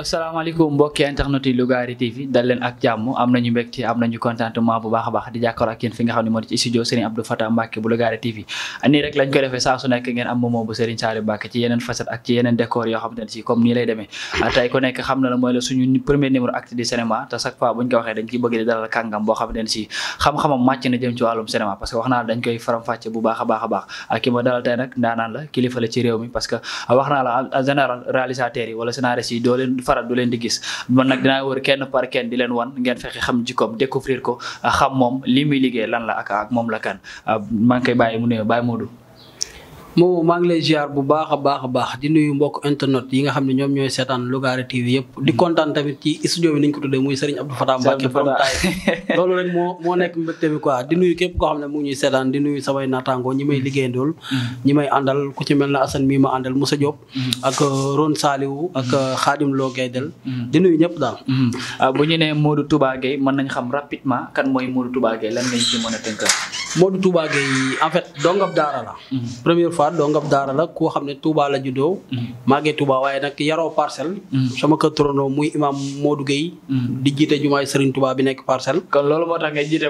asalaamaaleykum mbokki internet yi Lougaré TV dal leen ak ak yéen am na la mooy ci xam na jëm ci bu baax a baax a baax dalal tey nag ndaanaan la kilifa ci réew mi parce que wax naa la en général réalisateurs yi wala scénaristes yi doo faral du leen di gis man nag dinaa wër ken par kenn di leen wan ngeen fexe xam jikkoom découvrir ko xam mom li muy liggéey lan la ak ak moom la kan ah, maa ngi koy bàyyi mu ne bàyyi Modou moo maa ngi lay ziar bu baakha baakha baax di nuyu mbok internet yi nga xamni ñom ñoy sétane lugar TV yëpp di kontaan tamit ci studio bi niñ ko tuddé muy Serigne Abdou Fatah mbacké borom tay lolu rek mo mo nek mbégte bi quoi di nuyu képp ko xam mu ñuy sétane di nuyu sa way natango ñi may mm-hmm. ndol mm-hmm. ñi may andal ku ci melna na Assane mii ma andal Moussa Diop mm-hmm. ak euh, Ron saliw ak euh, Khadim Lo gay Gaydel di nuyu ñëpp daal ah, bu ñu né Modou Touba gay mën nañ xam rapidement kan moy Modou Touba gay lan ngañ ci mëna tënk Modou Touba gay en fait dongab daara la première fois la dongab daara la koo xam ne Touba la juddoo. Mm. màggee Touba waaye nag yaroo parcelle. Mm. sama kër turandoo muy imam Modou Gueye. Mm. di jiite jumaay Serigne Touba bi nekk parcelle. kon loolu moo tax nga jiite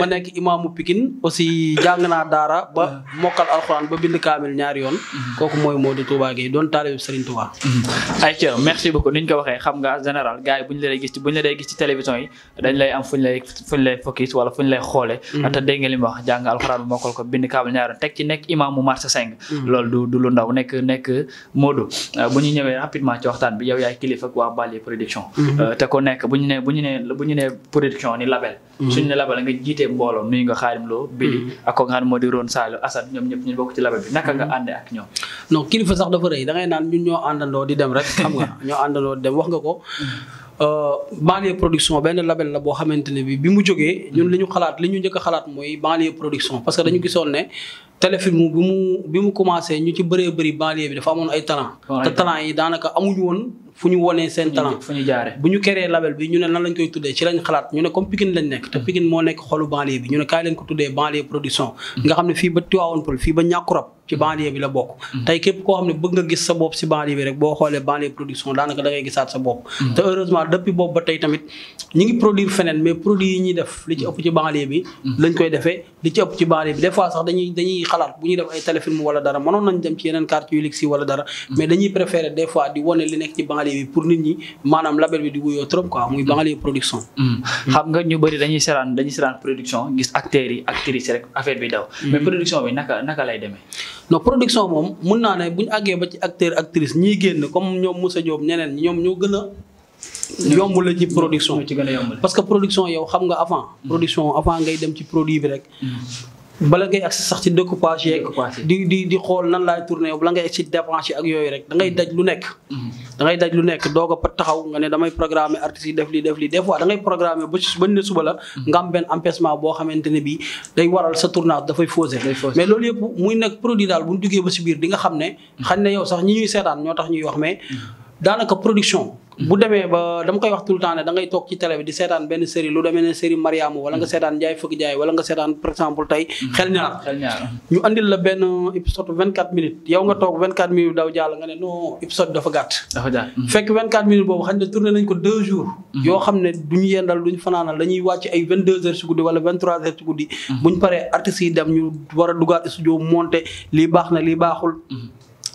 ma nekk imaamu Pikine aussi jàng naa daara ba mokkal alxuraan ba bind kaamil ñaari yoon. kooku mooy Modou Touba Gueye doon taalibu Serigne Touba. ayca merci beaucoup niñ ko waxee xam nga général gars yi buñ la lay gis buñ la lay gis ci télévision yi dañ lay am fuñ lay fuñ wala fuñ lay xoolee. ñaari teg ci nekk imaamu marché cinq mm-hmm. loolu du du lu ndaw nekk nekk Modou euh, bu ñu ñëwee rapidement ci bi yow yaay kilifa ak waa Bally production mm-hmm. euh, te ko nekk bu ñu nee bu ñu nee bu ni label mm-hmm. suñu ne label nga jiitee mbooloo nuyu nga xaalim loo bili ak nga xam ne bi naka nga àndee ak ñoom non kilifa sax dafa rëy da naan ñun ñoo àndandoo di dem rek xam nga ñoo àndandoo di dem wax nga ko Euh, banlieue production benn label la boo xamante ne bi bi mu jógee ñun li ñu xalaat li ñu njëkk xalaat mooy banlieue production parce que dañu gisoon ne téléphone mu bi mu commencé ñu ci bëree bëri banlieue bi dafa amoon ay talent te talent yi daanaka amuñu woon fu ñu wonee seen talent bu ñu créé label bi ñu ne nan lañ koy tuddee ci lañ xalaat ñu ne comme Pikine lañ nekk te mm-hmm. Pikine moo nekk xolu banlieue bi ñu ne kaay ci banlieue bi mm-hmm. la sax dañuy xalaat bu ñuy def ay téléfilm wala dara mënoon nañ dem ci yeneen quartier yu luxe wala dara mm-hmm. mais dañuy préférer des di wone li nekk ci banlieue banlieue bi pour nit ñi manam label bi di wuyoo trop quoi muy banlieue production. Hmm. xam nga ñu bari dañuy séran dañuy séran production gis acteur yi actrice rek affaire bi daw. Hmm. mais production bi naka naka lay démé no production mom mën na né bu aggé ba ci acteur actrice ñi génn comme ñom Moussa Diop ñeneen ñom ñoo gëna a. yomb la ci production parce que production yow xam nga avant. Hmm. production avant ngay dem ci produit bi rek. bala ngay ak sax ci découpage yeeg di di di xol nan lay tourner bala ngay ci dépenser ak yoy rek da ngay daj lu nek da ngay daj lu nekk doog a taxaw nga ne damay programmer artistes def lii def lii des fois da ngay programmer ba ba ne suba la hmm. nga benn empêchement boo xamante ne bii day waral sa tournage dafay fausé mais loolu yëpp muy nekk produit daal bu ñu duggee ba si biir dinga xam ne hmm. xañ na yow sax ñi ñuy seetaan ñoo tax ñuy wax mais hmm. daanaka production bu demee ba dama koy wax tout le temps ne da ngay toog ci télé bi di seetaan benn série lu demee ne série Mariama wala nga seetaan Njaay Fëgg Njaay wala nga seetaan par exemple tey mm-hmm. xel ñaar ñu andil la benn épisode 24 minutes yow nga toog vingt 24 minutes daw jàll nga ne non épisode dafa gàtt mm-hmm. fekk 24 minutes boobu xañ ne tourné nañ ko deux jours mm-hmm. yoo xam ne duñu yendal ñu fanaanal dañuy wàcc ay 22 heures ci guddi wala 23 heures ci guddi buñ paree artistes yi dem ñu war a dugaat studio monté lii baax na lii baaxul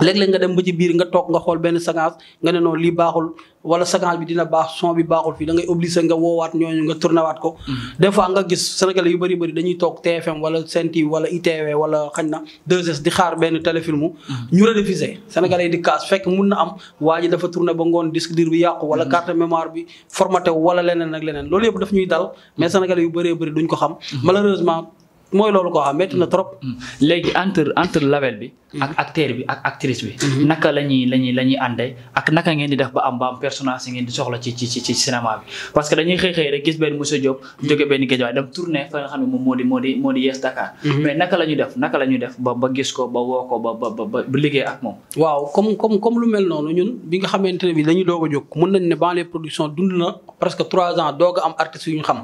léeg-léeg nga dem ba ci biir nga toog nga xool benn séquence nga ne noonu lii baaxul wala séquence bi dina baax son bi baaxul fii da ngay obligé nga woowaat ñooñu nga tourné waat ko. Hmm. des fois nga gis sénégalais yu bëri bëri dañuy toog TFM wala Sen TV wala ITV wala xañ na 2 di xaar benn téléfilm. Hmm. ñu rediffusé sénégalais yi di kaas fekk mun na am waa ji dafa tourné ba ngoon disque dur bi yàqu. wala hmm. carte mémoire bi formaté wala leneen ak leneen loolu yëpp daf ñuy dal mais sénégalais yu bëree bëri duñ ko xam. malheureusement. mooy loolu ko xam métti trop. Mm-hmm. léegi entre entre label bi. ak mm-hmm. acteur bi ak actrice bi. Mm-hmm. naka la ñuy la ñuy la ñuy àndee ak naka ngeen di def ba am ba am personnage yi ngeen di soxla ci ci ci cinéma bi. parce que dañuy xëy xëy rek benn monsieur xam def naka la def ba ba ko ba woo ko ba ba ba liggéey ak moom. waaw comme comme comme lu mel noonu ñun bi nga xamante ne bi dañuy doog a jóg mun nañ ne Banlieue Production dund na presque trois ans doog am artistes ñu xam.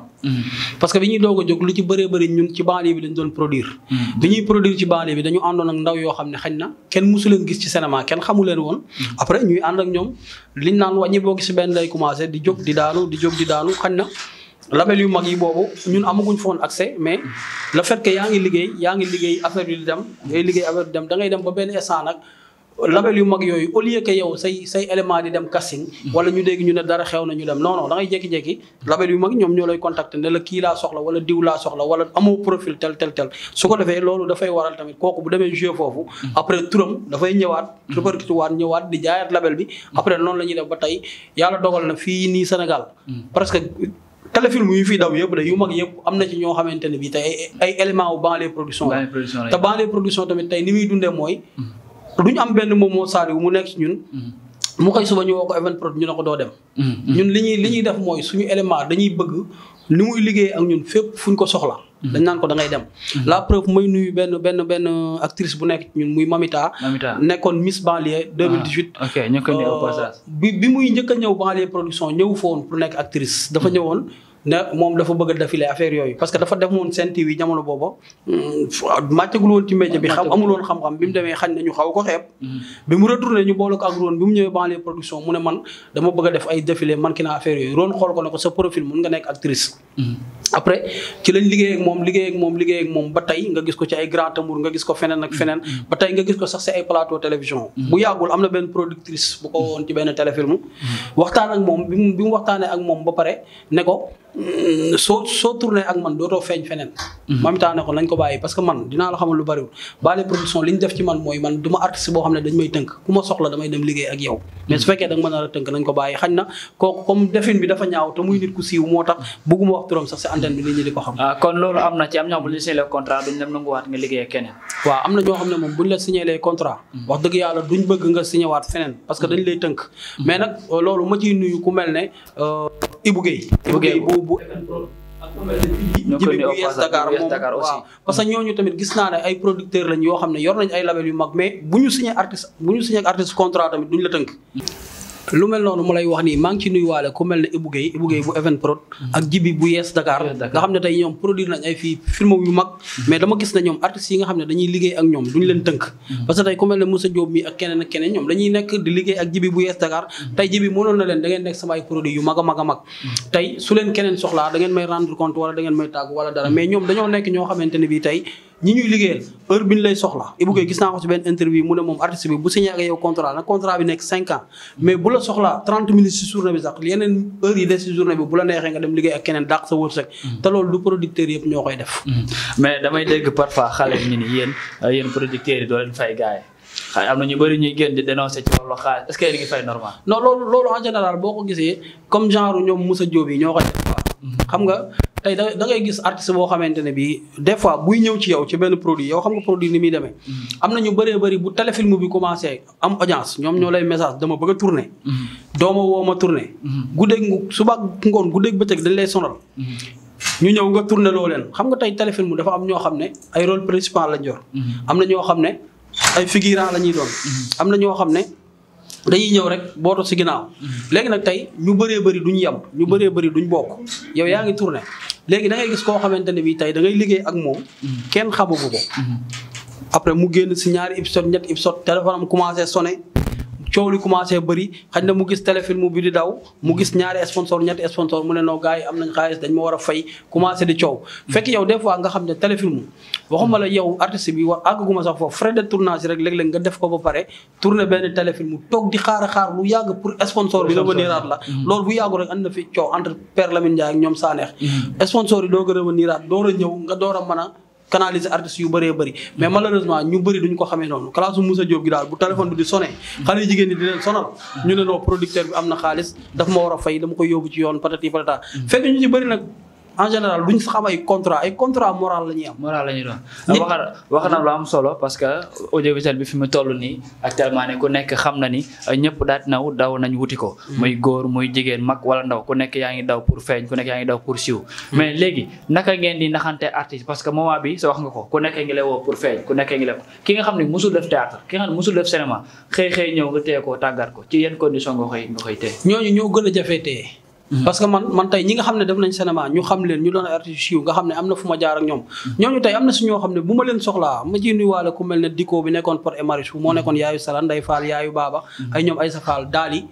parce que bi ñuy doog a jóg lu ci bëree ñun ci banlieue banlieue bi lañ doon produire. Mm-hmm. bi ñuy produire ci banlieue bi dañu àndoon ak ndaw yoo xam ne xañ na kenn mosu gis ci cinéma kenn xamu woon. Mm-hmm. après ñuy ànd ñoom liñ naan wàññi boo gis benn lay commencé di jóg di daanu di jóg di daanu xañ na. label yu mag yi boobu ñun amaguñ foon accès mais le fait que yaa ngi liggéey yaa ngi liggéey affaire bi di dem dem ba benn instant nag. label yu mag yooyu au lieu que yow say say élément di dem casting wala ñu dégg ñu ne dara xew na ñu dem non non da ngay jékki-jékki label yu mag ñoom ñoo lay contacter ne la kii laa soxla wala diw laa soxla wala amoo profil tel ko defee loolu dafay waral tamit kooku bu demee jouer foofu après turam dafay ñëwaat répercuté waat ñëwaat di jaayaat label bi après noonu la ñuy def ba tey yàlla dogal na fii nii Sénégal presque téléfilm yu fi daw yëpp de yu mag yëpp am na ci ñoo xamante ne bii tey ay élément wu Banlieue Production te Banlieue Production tamit tey ni muy dundee mooy du ñu am benn moom moo saaliwu mu nekk ñun mm-hmm. mu koy suba ñu woo ko event prod ñu ko doo dem mm-hmm. ñun li ñuy li def mooy suñu élément dañuy bëgg li muy liggéey ak ñun fépp fuñ ko soxla mm-hmm. dañ naan ko da ngay dem la preuve may nuyu benn benn benn actrice bu nekk ñun muy Mamita nekkoon Miss Banlieue 2018 ah, ok ñu ko ñëw au euh, bi bi njëkk a ñëw Banlieue production ñëw foon pour nekk actrice dafa ñëwoon na moom dafa bëgg a défilé affaire yooyu parce que dafa def moon seen TV jamono booba mm, màccagul woon ci métier bi xam amul woon xam-xam bi mu demee xañ nañu xaw ko xeeb mm-hmm. bi mu retourné ñu boole ko bi mu ñëwee banlieue production mu ne man dama bëgg ay défilé man ki naa affaire yooyu ko ne ko sa profil mun nga nekk actrice mm-hmm. après lañ liggéey moom liggéey ak moom liggéey ak moom ba tey nga gis ko ci ay grand tamour nga gis ko feneen ak mm-hmm. ba tey nga gis ko sax ci ay plateau télévision bu yàggul am na benn productrice bu ko woon ci benn téléfilm waxtaan ak moom bi mu waxtaanee ak moom ba pare ne ko Mm, soo soo tourné ak man dootoo feeñ feneen. moom mm-hmm. itam ne nañ ko bàyyi parce que man dinaa la xamal lu bariwul. Bally production li def ci man mooy man du ma boo xam ne dañ mm-hmm. a tënk nañ ko bàyyi xañ na kooku comme defin ah, la signé mm-hmm. lay tënk mais nag euh, loolu ma ciy nuyu ku mel ne euh, Ibou Guèye. Ibou Guèye bu bu. ñoo ko nuyu parce que ñooñu tamit gis naa ne ay producteurs lañ yoo xam ne yor nañ ay label yu mag mais bu ñu signé artiste bu ñu signé artiste contrat tamit duñ la tënk. lu mel noonu mu lay wax nii maa ngi ci nuyuwaale ku mel ne Ibou Guèye Ibou Guèye bu Event Prod ak Jibi bu Yes Dakar nga xam ne tey ñoom produire nañ ay fii film yu mag mais dama gis ne ñoom artistes yi nga ak leen tënk parce que tey ku mel ne Moussa Diop mi ak keneen ak keneen ñoom dañuy nekk di Jibi bu Yes Dakar tey Jibi mënoon na leen da nekk sama produit yu mag a mag a mag tey su leen keneen soxlaa da ngeen may rendre compte wala da ngeen may tàggu wala dara mais ñoom dañoo nekk ñoo xamante ne bii tey ñi ñuy liggéeyal heure bi ñu lay soxla Ibou Guèye gis naa ko ci benn interview mu ne moom artiste bi bu signé ak yow contrat nag contrat bi nekk cinq ans mais bu la soxlaa trente minutes si journée bi sax yeneen heure yi des si journée bi bu la neexee nga dem liggéey ak keneen dàq sa wërsëg mm. te loolu du producteurs yëpp ñoo koy def mm. mais damay dégg parfois xale ñu ni yéen euh, yéen yi doo leen fay gars yi am na ñu bëri ñuy génn di dénoncer ci wàllu en général boo tey da da ngay gis artiste boo xamante ne bii des fois buy ñëw ci yow ci benn produit yow xam nga produit ni muy demee. Mm-hmm. am na ñu bëree bëri bu téléfilm bi commencé am audience ñoom ñoo lay message dama bëgg a tourner. Mm-hmm. dooma woo ma tourner. Mm-hmm. guddeeg suba ngoon guddeeg bëccëg dañ lay sonal. ñu ñëw nga tourné loo leen xam nga tey téléfilm dafa am ñoo xam ne ay rôle principal lañ yor. am na ñoo xam ne ay figurant la ñuy doon. am na ñoo xam ne dañuy ñëw rek boo booto si ginnaaw. léegi nag tey ñu bëree bëri duñ yem ñu bëree bëri duñ bokk yow yaa ngi tourné léegi da gis koo xamante ne bii tey da ngay liggéey ak moom. kenn xamagu ko. Mm-hmm. après mu génn si ñaari épisode ñetti épisode téléphone am commencé sonné. coow li commencé bëri xañ na mu gis téléfilm bi di daw mu gis ñaari sponsor ñetti sponsor mu ne noo am nañ xaalis dañ ma war a fay commencé di coow fekk yow des fois nga xam ne téléfilm waxuma la yow artiste bi war àggaguma sax foofu frais de tournage rek léeg-léeg nga def ko ba pare tourné benn téléfilm toog di xaar a xaar lu yàgg pour sponsor bi reveniraat la mm-hmm. loolu bu yàggu rek and na fi coow entre Père Lamine Ndiaye ak ñoom Saneex mm-hmm. sponsor a ñëw a mën a canaliser artistes yu bëree bëri mais malheureusement ñu bëri duñ ko xamee noonu classe Moussa Diop gi daal bu téléphone bi di sonné xale yu jigéen di leen sonal ñu ne noo producteur bi am na xaalis daf ma war a fay dama koy yóbbu ci yoon patati patata mm. fekk ñu ci bëri nag en général duñ sax am ay contrat ay contrat moral la ñuy am. moral la doon wax wax na lu am solo parce que audiovisuel bi fi mu toll nii actuellement ne ku nekk xam na ni ah, ñëpp daal naw daw nañu wuti ko. Mm. muy góor mooy jigéen mag wala ndaw ku nekk yaa ngi daw pour feeñ ku nekk yaa ngi daw pour siiw. Mm. mais léegi naka ngeen di naxante artiste parce que moment bi sa wax nga ko ku nekk ngi lay woo pour feeñ ku nekk ngi lay ki nga xam ne musul def théâtre ki nga xam ne ñëw nga téye tàggat ko ci yenn condition nga koy koy téye. ñooñu ñoo gën a jafe parce que man man tey ñi nga xam ne def nañ cinéma ñu xam leen ñu doon artiste yu nga xam ne am na fu ma jaar ak ñoom ñooñu tey am na su ne bu ma leen soxlaa ma ji nuyuwaale ku mel ne dikoo bi nekkoon Pod et Marichou moo nekkoon yaayu Salan Ndeye Fall yaayu Baba ay ñoom Aïssa Fall daali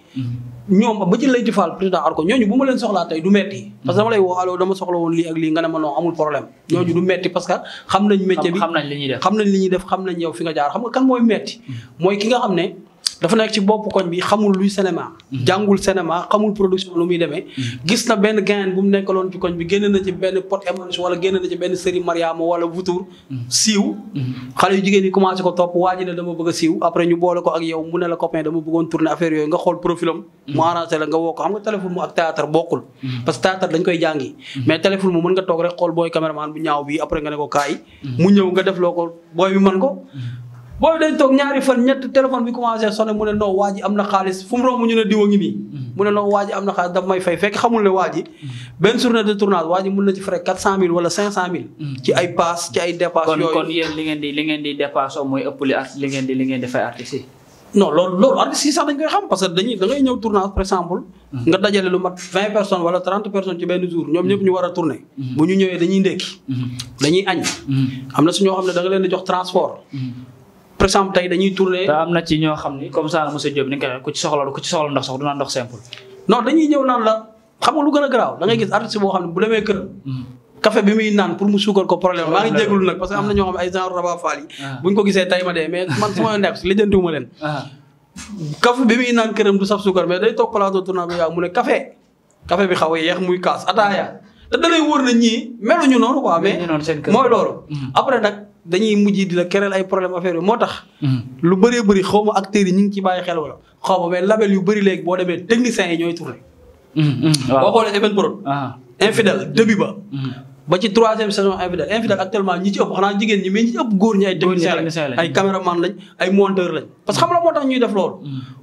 ñoom ba ci layti ñooñu bu ma leen soxlaa tey du metti parce que dama lay woo allo dama soxla woon lii ak lii nga ne ma non amul problème ñooñu du metti parce que xam nañ métier bi xam nañ li ñuy def xam nañ yow fi nga jaar xam nga kan mooy metti mooy ki nga xam ne dafa nek ci bop koñ bi xamul luy cinéma mhm. jangul cinéma xamul production lu muy démé mhm. gis na ben gain bu mu nekkalon ci koñ bi génné na ci ben pot émanus wala génné na ci ben série mariam wala wutur mhm. siw xalé yu jigéen yi commencé ko top waji na dama bëgg siw après ñu bolé ko ak yow mu ne la copain dama bëggon tourner affaire yoy nga xol profilam mu arrangé la nga wo ko xam nga téléphone mu ak théâtre bokul parce que théâtre dañ koy jangi mais téléphone mu mën nga tok rek xol boy caméraman bu ñaaw bi après nga ne ko kay mu ñëw nga def loko boy bi man ko booy day toog ñaari fan ñett téléphone bi commencé sonné mu ne non waa am na xaalis fu mu romb mm-hmm. mu ne ne waa mm-hmm. mm-hmm. ngeen di li ngeen di dépassé mooy da ngay ñëw tournage par exemple. nga dajale lu mat vingt benn jour ñoom ñëpp ñu war a tourner. bu dañuy añ. am na su ñoo xam ne da nga leen di jox transport. par exemple tey dañuy tourner. te am na ci ñoo xam ni comme ça monsieur Diop ni nga ko ci soxla ku soxla ndox simple. non dañuy ñëw naan la xam nga gën a garaaw da ngay gis artiste boo xam ne bu demee kër. Hmm. café mu suukar ko problème maa na ah. ma dee mais man su ma nekk si lijjantiwuma leen. Ah. café bi muy naan këram du mu ne café. café bi xaw a yeex muy kaas ataaya te da lay wóor na ñii meluñu noonu quoi mais mooy hmm. après nag dañuy mujj di la kereel ay problème affaire yi moo tax. Hmm. lu bëree bëri xaw ma acteurs yi ñu ngi ci bàyyi xel wala xaw ma mais yu bëri léegi boo demee techniciens yi ñooy tourné. Hmm, hmm. waaw boo xoolee Even Prod. Ah. infidèle début ba. ba ci troisième saison infidèle infidèle actuellement ñi ci ëpp xanaa jigéen ñi mais ñi ëpp góor ñi ay technicien lañ ay caméraman lañ ay monteur lañ parce xam la moo tax ñuy def loolu.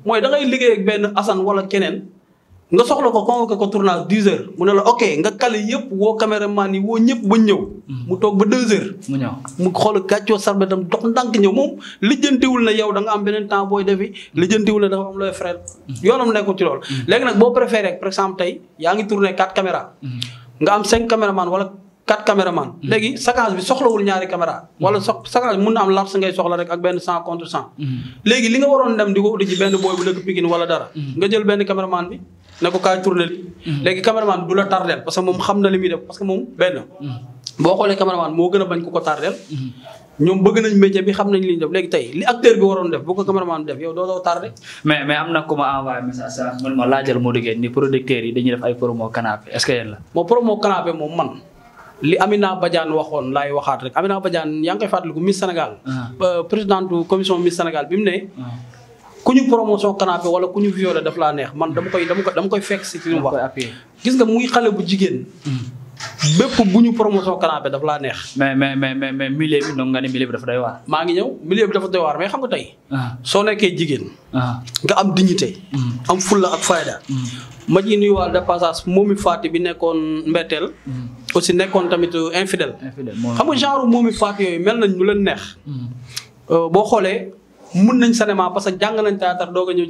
mooy da ngay liggéey ak benn Assane wala keneen. nga soxla ko convoqué ko tournage 10 heures mu ne la ok nga kale yépp wo caméraman yi wo ñëpp ba ñëw mm-hmm. mu toog ba 2 heures mu ñëw mu xol gàccoo sarbetam dox ndank ñëw mom lijjantiwul na yow da nga am benen temps boy defi lijjantiwul na dafa am loy frère mm-hmm. yoonam nekkul ci loolu mm-hmm. léegi nag boo préféré par exemple tay yaa ngi tourné 4 caméra nga am 5 caméraman wala 4 caméraman léegi séquence bi soxlawul ñaari caméra wala sox séquence mu na am lars ngay soxla rek ak benn 100 contre 100 léegi li nga waron dem diko ko di ci benn boy bu dëkk Pikine wala dara nga jël benn caméraman bi ne ko kaay tourné li mm-hmm. léegi caméraman du la tardeel parce que moom xam na li muy def parce que moom benn mm-hmm. boo xoolee caméraman moo gën a bañ ku ko tardeel mm-hmm. ñoom bëgg ko caméraman def yow doo am na ku ma envoyé message sax man ma laajal Modou Gueye ni yi dañuy def ay promo canapé est-ce que yéen la moo promo canapé moom man li Amina Badiane waxoon laay waxaat rek Amina Badiane yaa ngi koy Miss Sénégal ah. euh, présidente commission Miss Sénégal bi ne ah. ku ñu promotion canapé wala ku ñu violé daf laa neex man dama koy dama koy koy fekk si ci li mu wax. gis nga muy xale bu jigéen. bépp bu ñu promotion canapé daf laa neex. mais mais mais mais milieu bi noonu nga ne milieu bi dafa doy waar. maa ngi ñëw milieu bi dafa doy tey. Ah. soo nekkee jigéen. Ah. nga am dignité. Mm. am fulla ak fayda. Mm. ma ciy nuyuwaale de passage moomi Faati bi nekkoon mbeteel mm. aussi nekkoon tamit euh, infidèle. infidèle xam nga genre moomi Faati yooyu mel nañ lu leen neex. Euh, boo xoolee mun nañ cinéma parce que jàng nañ théâtre doog a ñëw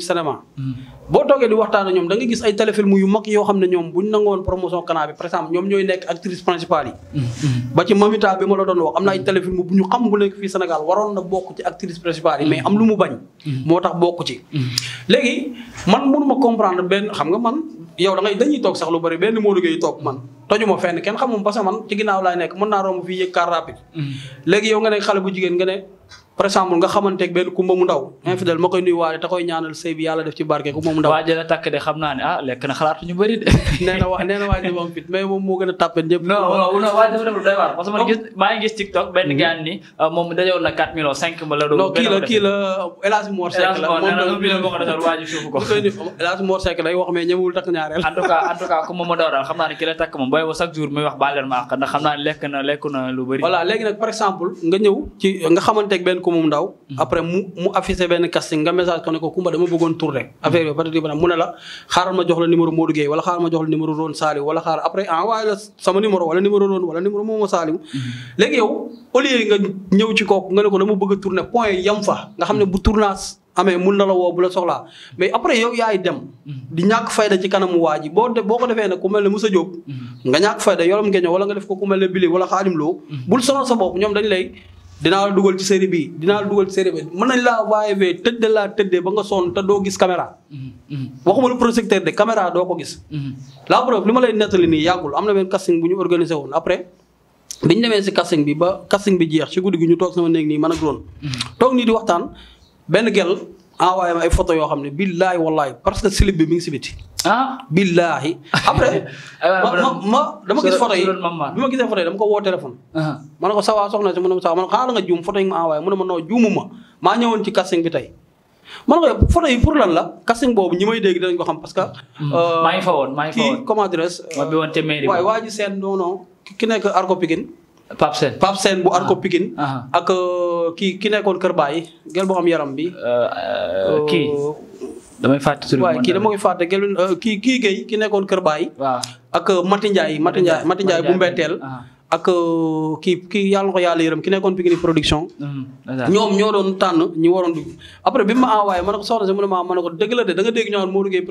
hmm. boo toogee di waxtaan ak ñoom da nga gis ay téléfilm yu mag yoo xam ne ñoom buñ nangoon promotion Kana bi par exemple ñoom ñooy nekk actrice principale yi. Hmm, hmm. bu ñu xam bu nekk na bokk ci actrice principale mais am lu mu bañ. moo tax bokk ci. léegi man mënuma comprendre benn xam nga man yow da ngay dañuy toog sax lu bari benn Modou Gueye toog man. tojuma fenn kenn xamum parce que man ci ginnaaw laay nekk mën naa romb fii yëg car rapide. léegi yow nga jigéen nga ne par exemple nga xamanteeg benn kumba mu ndaw infidèle ma koy nuy waale te koy ñaanal sëy bi yàlla def ci barke kumba mu ndaw waa jëla takk de xam naa ah, lekk na a lekk na lu bëri voilà léegi nag par exemple nga ñëw nga xamanteeg benn ko moom ndaw mm-hmm. après mu mu affiché benn casting nga message ko ne Kumba dama bëggoon tour rek affaire mu ne xaaral ma jox la numéro Modou Gueye wala xaaral ma jox la numéro Ron Saliou wala xaaral après envoyé la sama numéro wala numéro mm-hmm. léegi yow au lieu nga ñëw ci kooku nga ne dama bëgg a point yam fa nga xam ne bu tournage amee mun na la woo mais après yaay dem mm-hmm. di ñàkk fayda ci kanamu waa boo ko defee ne Moussa Diop nga ñàkk fayda nga def dinaa la dugal ci série bi dinaa la dugal ci série bi mën nañ laa waaye tëdd laa tëddee ba nga sonn te doo gis caméra. Mm-hmm. waxuma lu projecteur de caméra doo ko gis. Mm-hmm. la preuve li ma lay nettali nii yàggul am na benn casting bu ñu organisé woon après bi demee si bi ba casting bi jeex si guddi gi ñu toog sama néeg nii man a doon. Mm-hmm. toog nii di waxtaan benn gel envoyé ma ay photo yoo xam ne billaahi wallaahi parce que slip bi mi ngi si biti. ah billahi après eh, eh, ma dama gis photo ma gisee photo yi dama ko woo téléphone ma ne ko sawa soxna si mu ne ma sawa ma ne ko xaaral nga juum photo yi ma envoyé mu ne ma noo juumuma maa ñëwoon ci casting bi tey ma ne ko photo yi pour lan la casting boobu ñi may dégg dinañ ko xam parce que maa ngi fa woon maa ngi fa woon comment adresse ma bi woon te mairie waaye waa ji non non ki nekk arko Pikine Pap Sène Pap Sène bu arko ah. Pikine ak ki eh, ki nekkoon oh. Kër Baye gel boo xam yaram bi kii damay fàtte tur bi waaye kii dama koy fàtte gelu euh, kii kii nekkoon Kër Baay. ak euh, Mati Ndiaye bu mbetteel ah. ak euh, kii yàlla ko yàlla yërëm ki nekkoon Pikini production. Mm-hmm. ñoom ñoo doon tànn ñu waroon dugg. après bi ma envoyé ma ne ko soxna si mu ne ma ne ko dëgg la de da nga dégg ñu naan Modou Guèye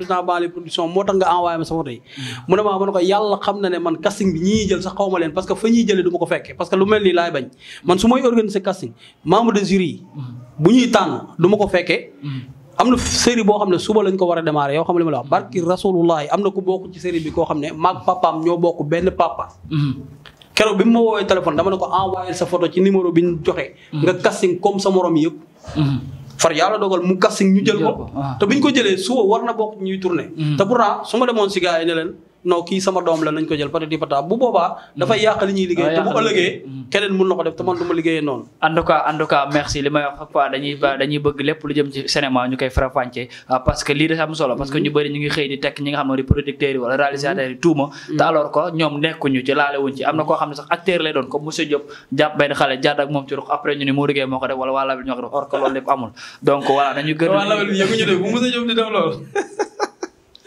production moo tax nga envoyé ma sama tey. Mm-hmm. mu ne maa ma ne ko yàlla xam na ne man casting bi ñii jël sa xaw ma leen parce que fa ñuy jëlee du ma ko fekkee am na série boo xam ne suba lañ ko war a démarrer yow xam li ma la wax barki rasulullah am na ku bokk ci série bi koo xam ne maag papaam ñoo bokk benn papa. Mm-hmm. keroog bi mu ma woowee téléphone dama ne ko envoyé sa photo ci numéro bi ñu joxe. Mm-hmm. nga casting comme sa moroom yëpp. Mm-hmm. far yàlla dogal mu casting ñu jël ko. te biñ ko jëlee suba war na bokk ñuy tourné. te pourtant su ma demoon si gars yi leen. non kii sama doom la nañ ko jël peut-être di pata bu boobaa. dafay yàq li liggéey te bu ëllëgee. ko def te man nekkuñu ci laale wuñ ci am na koo xam ne sax acteur lay doon comme monsieur Diop benn xale jàdd ak moom ci ruq après ñu ni moo liggéey moo ko def waa label ñoo ko loolu lépp amul donc voilà dañu gën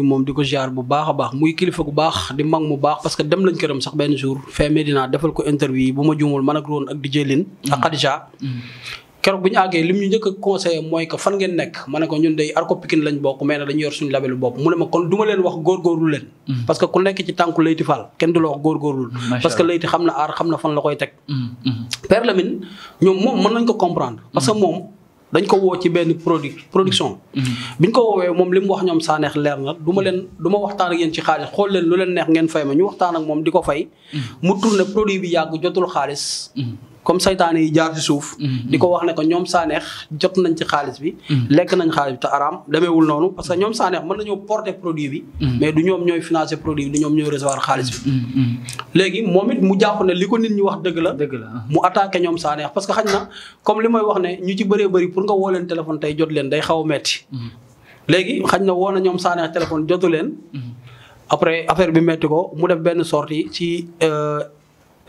nuyu moom di ko ziar bu baax a baax muy kilifa gu baax di mag mu baax parce dem lañ këram sax benn jour fee Medina defal ko interview bu ma juumul man ak Roon ak di jëlin ak mm. Khadija mm. Mm. kenn du la wax góorgóorlul parce que xam na aar xam na fan la koy teg Père Lamine ñoom moom mën nañ ko comprendre parce moom dañ ko woo ci benn produit production. Mm-hmm. bi ñu ko woowee moom li mu wax ñoom Sanekh leer na duma leen duma ma waxtaan ak yéen ci xaalis xool leen lu leen neex ngeen fay ma ñu waxtaan moom di ko fay. Mm-hmm. mu tourné produit bi yàgg jotul xaalis. Mm-hmm. comme saytaane yi jaar ci suuf. Mm-hmm. di ko wax ne ko ñoom saaneex jot nañ ci xaalis bi. Mm-hmm. lekk nañ xaalis bi te araam demeewul noonu parce que ñoom saaneex mën nañoo porter produit bi. Mm-hmm. mais du ñoom ñooy financer produit bi du ñoom ñooy recevoir xaalis bi. léegi moom it mu jàpp ne li ko nit ñi wax dëgg la. dëgg la uh-huh. mu attaqué ñoom saaneex parce que xañ na comme li may wax ne ñu ci bëree bëri nga woo leen téléphone tey jot leen day xaw a metti. léegi xañ na woo na ñoom saaneex téléphone jotu leen. après affaire bi metti ko mu def benn sorti ci. Euh,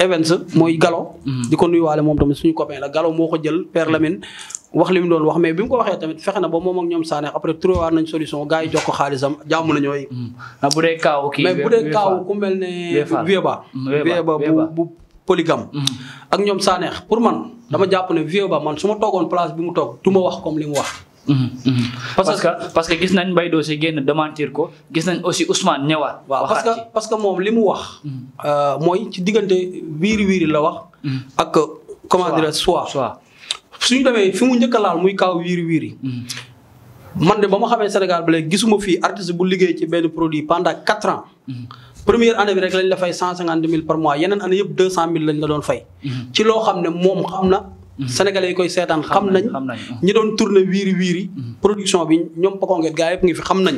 Evans mooy Gallo. Mm-hmm. di ko nuyuwaale moom tamit suñu copain la Gallo moo ko jël Père mm-hmm. Lamine wax li mu doon wax mais bi mu ko waxee tamit fexe na ba moom ak ñoom Sané après trouvé waat nañ solution gars yi jox ko xaalisam jàmm nañoo yi. Mm-hmm. Ah, mais bu dee kaaw ku mel ne. Vieba Vieba bu polygame. ak ñoom Sané pour man dama jàpp ne Vieba man su ma place bi mu toog du wax comme li wax. Mhm, mhm. parce que parce que gis nañ Mbaye Dossi génn démentir ko gis nañ aussi Ousmane ñëwaat. waaw parce que parce que moom li mu wax. Mhm. Euh, mooy ci diggante wiiri wiiri la wax. ak euh, comment dire soit. soit suñu demee fi mu njëkk laal muy kaw wiiri wiiri. man de ba Sénégal gisuma artiste année bi rek lañ la fay 150000 par mois yenen année yëpp 200000 lañ la doon fay. ci lo xam ne moom Mhm. sénégalais yi koy seetaan xam nañ mhm. ñi doon tourné wiiri wiiri mhm. production bi ñoom pakonget gaa yëpp ngi fi xam nañ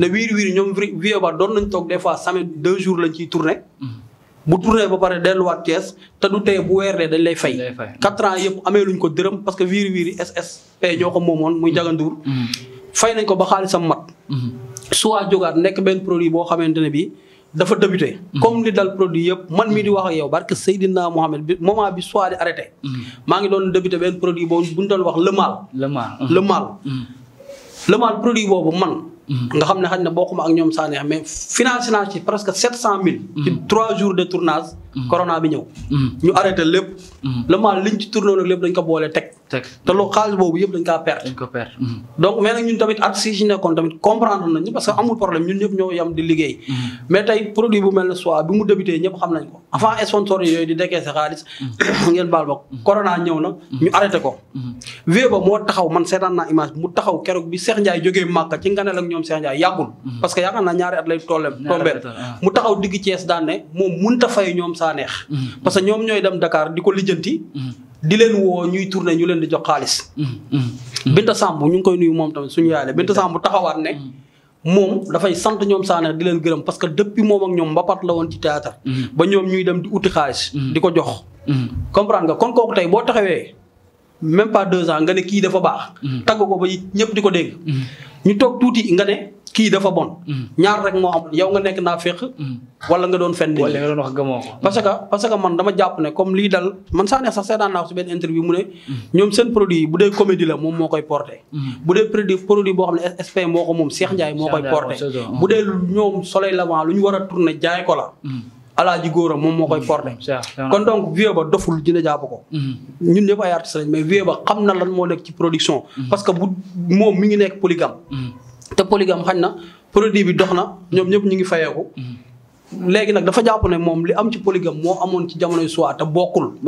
ne wiiri wiiri ñoom vieux ba doon nañ toog des fois semaine deux jours lañ ciy tourné bu tourné ba pare delluwaat Thiès te du tey bu weer dee dañ lay fay quatre ans yëpp amee luñ ko dërëm parce que wiiri wiiri SSP ñoo ko moomoon muy jaganduur fay nañ ko ba xaalisam mat soit jógaat nekk benn produit boo xamante ne bii dafa débuté. comme li dal produit yëpp man mii di wax ak yow barke Seydina Mohamed bi moment bi soit di arrêté. Mm-hmm. maa ngi doon débuté benn produit boobu bu mm-hmm. mm-hmm. boobu man. nga xam ne xañ na bokkuma ak ñoom Sanex mais financé naa ci presque sept cent mille. ci trois jours de tournage. corona bi ñëw. ñu arrêté lépp. le mal liñ ci lépp dañ ko boole teg. teg te loolu xaalis boobu yëpp dañ ka perdre dañ ko perdre mm-hmm. donc mais nak ñun tamit artistes yi ci nekkon tamit comprendre nañu parce que amul problème ñun ñëpp ñoo yam di liggéey. Mm-hmm. mais tay produit bu melni soa bi mu débuté ñëpp xam nañ ko avant sponsor yoy di dekkee sa xaalis. Mm-hmm. ngeen bal bok corona ñëw na. ñu arrêté ko. vie ba moo taxaw man sétan na image mu taxaw kérok bi Cheikh ndjay joggé makka ci nganeel ak ñom Cheikh ndjay yagul parce que yaakaar na ñaari at lay tolleem. tombeel ah. mu taxaw digg ci daan ne moom mënut ta fay ñom sa neex. parce que ñom ñoy dem Dakar diko lijeenti di leen woo ñuy tourné ñu leen di jox xaalis. Mm, mm, mm. Binta Samb ñu ngi koy nuyu moom tamit suñu yaay la Binta Samb taxawaat ne. moom dafay sant ñoom Sanex di leen gërëm parce que depuis moom ak ñoom mbapat la woon ci théâtre ba ñoom ñuy dem di uti xaalis. di ko jox. comprendre nga kon kooku tey boo taxawee même pas deux ans nga ne kii dafa baax. tagg ko ba ñëpp di ko dégg. ñu toog tuuti nga ne kii dafa bon. Mm-hmm. ñaar rek moo am yow nga nekk naa féq mm-hmm. wala nga doon fenn. wala parce que parce que man dama jàpp ne comme lii dal man saa ne sax seetaan naa si benn interview mu mm-hmm. moo ko moom Cheikh Ndiaye moo koy porté. bu dee a tourné jaay ko la. alaaji góoram moom moo koy porté kon donc vieux ba doful dina jàpp ko ñun ñëpp ay artiste lañ mais vieux ba xam que bu moom mi ngi nekk polygame te polygame xañ na produit bi dox na ñoom ñëpp ñu ngi fayeeku. Mm-hmm. léegi nag dafa jàpp ne moom li am ci polygame moo amoon ci jamono sui te bokkul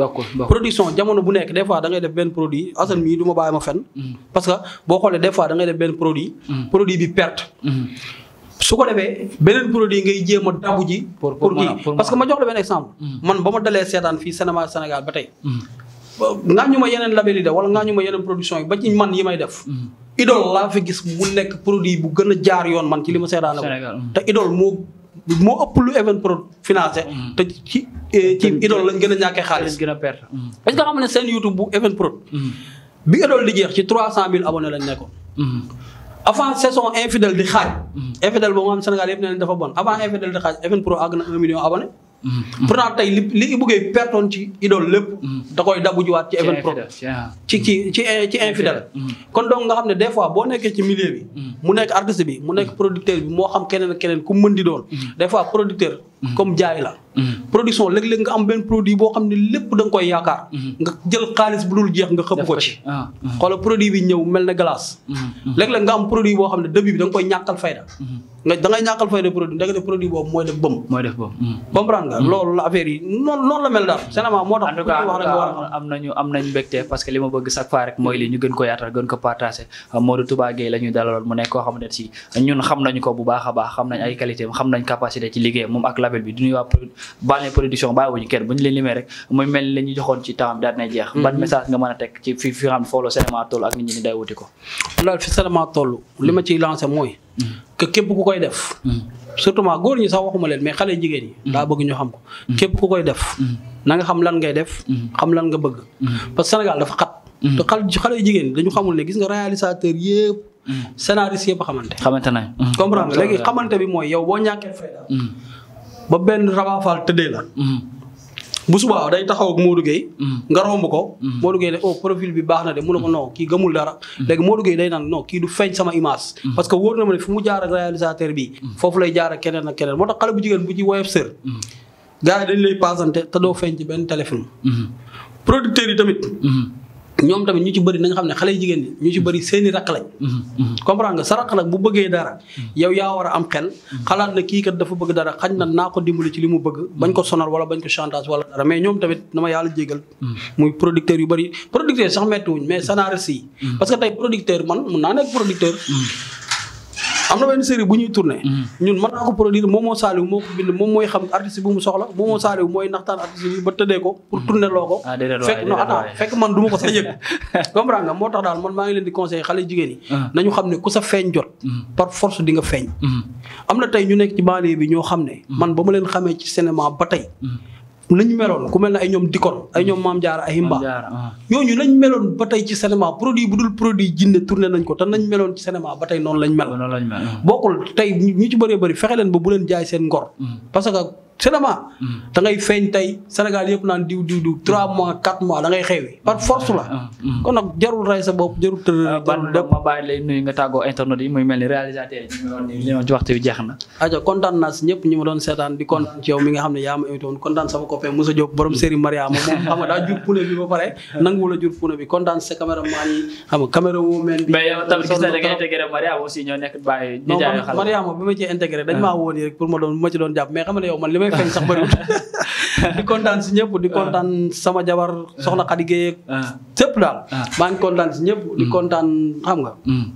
production jamono bu nekk des fois da def benn produit Assane mii du ma bàyyi ma fen mm-hmm. parce que boo xoolee des fois da ngay def benn produit mm-hmm. produit bi perte su ko defee beneen produit ngay jéem a dabu ji pour kii parce que ma jox la benn exemple man ba ma dalee seetaan fii cinéma Sénégal ba tey ngaa ñu ma yeneen label wala ngaa ma yeneen production yi ba man yi may def idole laa fi gis bu nekk produit bu gën a jaar yoon man ci li ma seetaan mm. te idole moo moo ëpp lu event pro financé. Mm. te ci eh, ci idole lañ gën a ñàkkee xaalis. gën a perte. Mm. que xam ne seen YouTube bu event pro. bi idole di jeex ci 300000 abonnés lañ nekkoon. avant saison infidèle di xaaj. infidèle boobu am Sénégal yëpp ne leen dafa bon avant infidèle di xaaj event pro àgg na Mm-hmm. pourtant tey li li Ibou Guèye pertoon ci idole lépp. Mm-hmm. da koy dabu jiwaat ci event pro ci ci ci ci mm-hmm. infidèle kon donc nga xam ne des fois boo nekkee ci milieu bi. mu nekk artiste bi mu nekk producteur bi moo xam keneen ak keneen ku mën di doon. des fois producteur. Mm-hmm. comme jaay la mm-hmm. production leg leg nga am ben produit bo xamni lepp dang koy yakar mm-hmm. nga jël xaliss bu dul jeex nga xep ko ci ah, xoola produit bi ñew mel glace leg leg nga am produit bo xamni debut bi dang koy ñàkkal fayda nga da ngay ñàkkal fayda produit ndeke produit bo moy def bëm moy def bëm comprendre nga loolu la affaire yi non non la mel daal sincèrement motax tax wax rek war am nañu am nañ mbégte parce que lima bëgg chaque fois rek moy li ñu gën ko yaatal gën ko partager euh, Modou Touba gay lañu dalal mu nekk ko xam ci ñun xam nañ ko bu baaxa baax xam nañ ay qualité xam nañ capacité ci liggéey moom ak label bi du ñuy waa Balmain production bàyyiwuñu kenn bu ñu leen limee rek muy mel ni la ñu joxoon ci temps bi daal nay jeex. ban mhm. message nga mën a teg ci fi fi nga xam ne foofu a cinéma toll ak nit ñi ni day wuti ko. loolu fi cinéma toll mhm. mhm. sax waxuma leen mais xale jigéen ñi. bëgg ñu xam ko. ku koy def. na xam lan ngay def. xam lan nga bëgg. parce Sénégal dafa xat. xale jigéen dañu xamul ne gis nga réalisateur yëpp. scénariste yëpp xamante. xamante nañ. comprendre léegi xamante bi mooy yow boo ñàkkee fayda ba benn rabafal tëddee la. Mm-hmm. bu subaa day taxaw ak Modou Gueye. Mm-hmm. nga romb ko. Mm-hmm. Modou Gueye ne oh profil bi baax na de mu ne ko non kii gëmul dara. léegi Modou Gueye day naan non kii du feeñ sama image. parce wóor na ma ne fu mu jaar ak réalisateur bi. foofu lay jaar ak keneen ak keneen moo tax xale bu jigéen bu ci woyof sër. gars yi dañ lay te doo feeñ benn téléfilm. producteurs yi ñoom tamit ñu ci bëri na nga xam ne xale jigéen ñi ñu ci bëri seeni rakk lañ. comprendre nga sa rakk nag bu bëggee dara. yow yaa war a am xel. xalaat na kii kat dafa bëgg dara xañ na naa ko dimbali ci li mu bëgg. bañ ko sonal wala bañ ko chantage wala dara mais ñoom tamit na ma yàlla jégal. muy producteur yu bëri producteur sax métti wuñ mais scénariste yi. parce que tey producteur man mun naa nekk producteur. am na benn série bu ñuy tourné. Mm-hmm. ñun mën naa produire moom moo Saliou moom mooy xam artiste bu mu soxla moom mooy naxtaan artiste bi ba tëddee ko pour mm-hmm. tourné ko. Ah, fekk man du ma ko sax yëg. comprendre nga moo tax daal man maa ngi leen di conseillé xale jigéen ah. nañu xam ne ku sa feeñ jot. Mm-hmm. par force di feeñ. am na tey ñu nekk ci banlieue bi ñoo xam ne. man ba ma leen xamee ci cinéma ba tey. lañ meloon ku mel ne ay ñoom Dikor ay ñoom Maam Jaara ay Himba yooyu ah. lañ meloon ba tey ci cinéma produit bu dul produit jinne tourné nañ ko te nañ meloon ci cinéma ba tey noon lañ mel ah. bokkul tey ñu ci bëree bëri fexe leen ba bu leen jaay seen ngor mm. parce que cinéma mm. da ngay feeñ tey Sénégal yëpp naan diw diw mm. trois mois quatre mois da xewi par force la. Mm. kon nag jarul rey sa bopp ah, jeex na. ajo kontaan naa si ñëpp ñi ma doon seetaan di kontaan ci yow mi nga xam ne yaa ma Mariama ba pare a jur sa caméraman yi xam nga caméra woman bi. mais intégré Mariama ñu jaay xale Mariama bi ma ci rek pour ma doon ma doon jàpp mais xam nga yow man we feng sak baru di kontan bu di kontan sama jawar soxla ah. kadige cep ah. dal ah. man kontan bu di hmm. kontan xam nga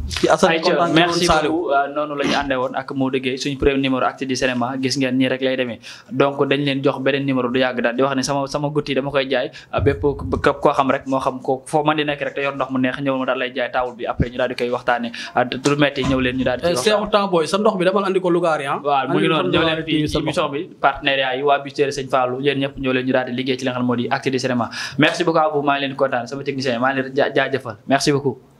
ci hmm. asal kontan merci beaucoup nonu lañu andé won ak mo deggé suñu premier numéro acte di cinéma gis ngeen ni rek lay démé donc dañ leen jox benen numéro du yag dal di wax ni sama sama gutti dama koy jaay bepp ko xam rek mo xam ko fo man di nek rek te yor ndox mu neex ñew mo dal lay jaay tawul bi après ñu dal di koy waxtané du metti ñew leen ñu dal ci wax c'est un temps boy sa ndox bi dama andi ko lugar ya wa mu ngi non ñew leen fi émission bi part partenariat yi waa Bichri Sëñ Fallou yéen ñëpp ñoo ñu daal liggéey ci li nga xam ne moo di merci beaucoup à maa leen kontaan sama technicien maa ngi leen jaajëfal merci beaucoup